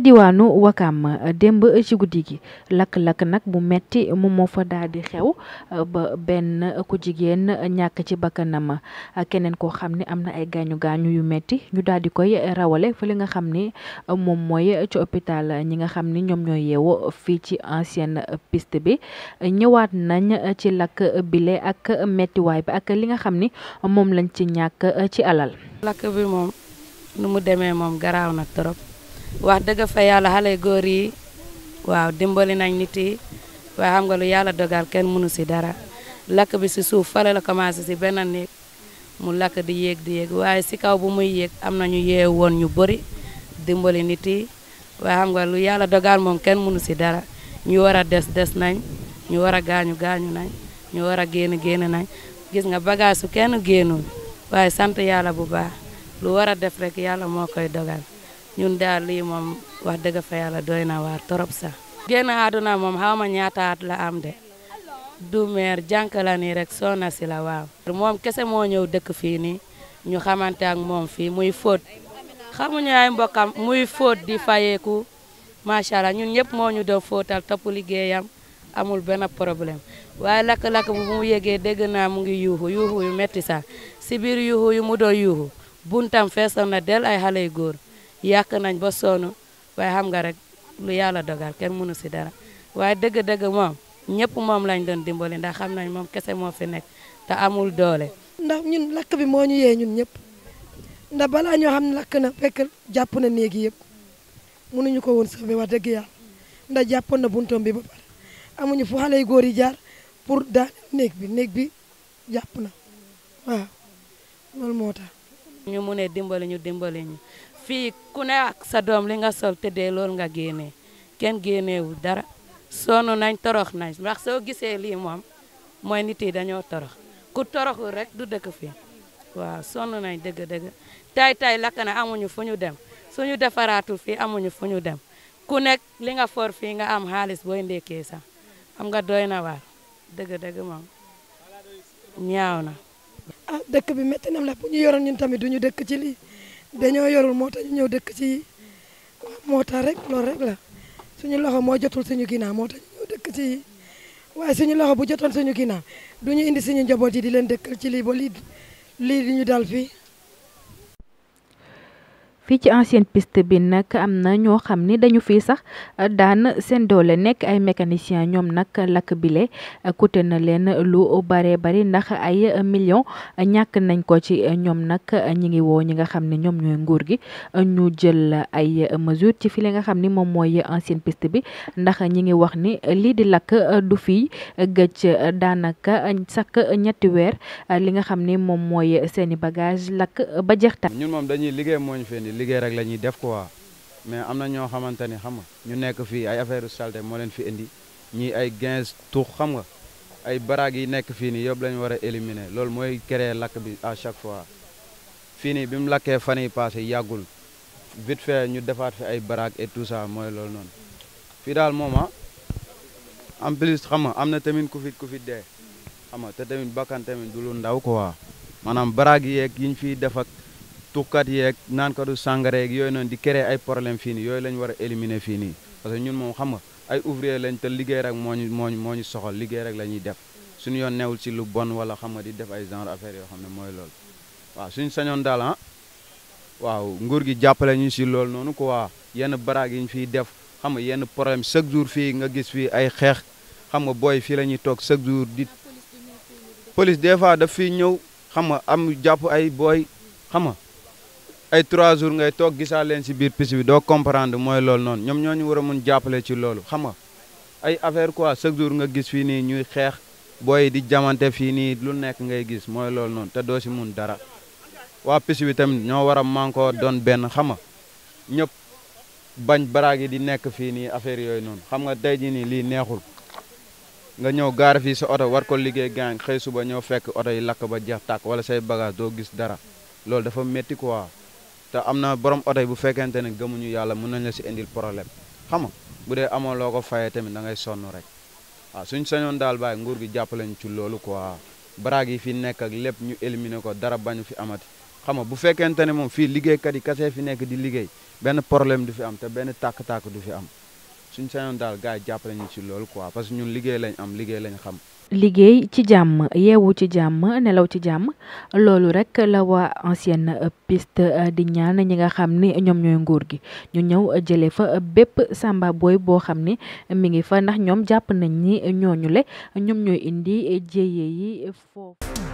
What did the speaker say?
diwaanu Wakaam euh, démb euh, ci guddi gi lakk-lakk nag bu metti moom moo fa daal di xew euh, ba benn ku jigéen ñàkk ci bakkanam keneen koo xam ne am na ay gaañu gaañu yu metti ñu daal di koy rawale fa li nga xam ni moom mooy ci hôpital ñi nga xam ni ñoom ñooy yeewoo fii ci ancienne piste bi ñëwaat nañ ci lakk bile ak mettiwaay bi ak li nga xam ni moom lañ ci ñàkk ci alal. lakk bi moom nu mu demee moom garaaw na trop. wax dëgg fa yàlla xale góor yi waaw dimbali nañ nit yi waaye xam nga lu yàlla dogal kenn mënu si dara lakk bi si suuf fale la commencé si benn néeg mu lakk di yéeg di yéeg waaye si kaw bu muy yéeg am nañu yeew woon ñu bëri dimbali nit yi waaye xam nga lu yàlla dogal moom kenn mënu si dara ñu war a des des nañ ñu war a gaañu gaañu nañ ñu war a génn génn nañ gis nga bagage su kenn génnul waaye sant yàlla bu baax lu war a def rek yàlla moo koy dogal ñun daal lii moom wax dëgg fa yàlla doy na waar torop sax. génn àdduna moom xaw ma ñaata at la am de. du meer rek soxna si la waaw. moom kese moo ñëw dëkk fii nii ñu xamante ak moom fii muy fóot xamuñu ay mbokkam muy fóot di fayeeku macha ñun ñëpp moo ñu doon fóotal topp liggéeyam amul benn problème waaye lakk-lakk bu mu yégee dégg naa mu ngi yuuxu yuuxu yu sax si biir yuuxu mu doon yuuxu buntam feesoon na del ay xale yu góor. yàq nañ ba sonn waaye xam nga rek lu yàlla dogal kenn mënu si dara waaye dëgg-dëgg moom ñëpp moom lañ doon dimbali ndax xam nañ moom kese moo fi nekk te amul doole. ndax ñun lakk bi moo ñu yee ñun ñëpp ndax balaa ñoo xam lakk na fekk jàpp na néegi yëpp mënuñu ko woon sauver wax dëgg yàlla ndax jàppoon na buntoom bi ba pare amuñu fu xale yu góor yi jaar pour daal néeg bi néeg bi jàpp na waaw loolu moo tax. ñu mun a dimbali ñu dimbali ñu fii ku ne ak sa doom li nga sol tëddee loolu nga génnee kenn génneewul dara sonn nañ torox nañ ndax soo gisee lii moom mooy nit yi dañoo torox ku toroxul rek du dëkk fi waaw sonn nañ dëgg-dëgg tay tay lakk na amuñu fu ñu dem suñu defaraatu fii amuñu fu ñu dem ku nekk li nga for fii nga am xaalis booy ndekkee sax xam nga doy na waar dëgg-dëgg moom ñaaw na. ah dëkk bi métti nam la bu ñu ñun tamit duñu dëkk ci li ñoo yorul moo ta ñu ñëw dëkk ci moo tax rek loolu rek la suñu loxo moo jotul suñu ginnaaw moo tax ñu ñëw dëkk ci waaye suñu loxo bu jotoon suñu ginnaaw du ñu indi suñu njaboot yi di leen dëkk ci lii ba lii lii di ñu dal fii fii ci ancienne piste bi nag am na ñoo xam ni dañu fii sax daan seen doole nekk ay mécanicien ñoom nag lakk bile coûté na leen lu bare bari ndax ay millions ñàkk nañ ko ci ñoom nag ñi ngi woo ñi nga xam ne ñoom ñooy nguur gi ñu jël ay mesures ci fi li nga xam ni moom mooy ancienne piste bi ndax ñi ngi wax ni lii di lakk du fii gëc daanaka sakk ñetti weer li nga xam ni moom mooy seeni bagage lakk ba jeex ta ñun moom dañuy liggéey mooñ feen liggéey rek la ñuy def quoi mais am na ñoo xamante ni xam nga ñu nekk fii ay affaire saleté moo leen fi indi ñii ay gaz tux xam nga ay baraag yi nekk fii nii yëpp la ñu war a éliminer loolu mooy créer lakk bi à chaque fois fii nii bi mu lakkee fan yii passé yàggul vite fait ñu defaat fi ay baraag et tout ça mooy loolu noonu fii daal moom ah en plus xam am na tamit ku fi ku fi dee xam te tamit bakkan tamit du lu ndaw quoi maanaam baraag yeeg yi ñu fiy tukkat yeeg naankatu sàngara yeeg yooyu noonu di créer ay fii yooyu lañ war a éliminer fii nii parce que ñun moom xam moo ñu moo ñu moo ñu la ñuy def suñu yoon newul si lu bon wala xam nga di def ay genre affaire yoo xam ne mooy loolu waaw suñu sañoon daal ah waaw nguur gi jàppale ñu si loolu noonu quoi yenn baraag yi ñu fiy def xam nga yenn problème chaque jour fii nga gis fii ay xeex xam nga booy fii la ñuy toog chaque jour di police des fois daf fiy ñëw xam nga am jàpp ay booy xam ay trois jours ngay toog gisaa leen si biir piste bi doo comprendre mooy loolu noonu ñoom ñoo ñu war a mun jàppale ci loolu xam nga ay affaire quoi chaque jour nga gis fii nii ñuy xeex booy di jamante fii nii lu nekk ngay gis mooy lool noonu te doo si mun dara waa piste bi tamit ñoo war a mànkoo doon benn xam ñëpp bañ baraag yi di nekk fii nii affaire yooyu noonu xam nga tey ji nii lii neexul nga ñëw gaar fii sa oto war ko liggéey gaan xëy suba ñëw fekk oto yi lakk ba jeex tàkk wala say bagage doo gis dara loolu dafa métti te am na borom oto bu fekkente ne gëmuñu yàlla mën na la si indil problème xam nga bu dee amoo loo ko fayee tamit da ngay sonn rek waaw suñ sañoon daal bàyyi nguur gi jàppaleñ ci loolu quoi baraag yi fi nekk ak lépp ñu éliminer ko dara bañu fi amati xam nga bu fekkente ne moom fii liggéeykat yi kase fi nekk di liggéey benn problème du fi am te benn tàkk-tàkk du fi am suñ sañoon daal gars yi jàppaleñu ci loolu quoi parce que ñun liggéey lañ am liggéey lañ xam liggéey ci jàmm yeewu ci jàmm nelaw ci jàmm loolu rek la waa ancienne piste euh, di ñaan ñi nga xam ni ñoom ñooy nguur gi ñu ñëw jëlee fa bépp samba booy boo xam ni mi ngi fa ndax ñoom jàpp nañ ni ñooñu ñoom ñooy indi jéye yi foofu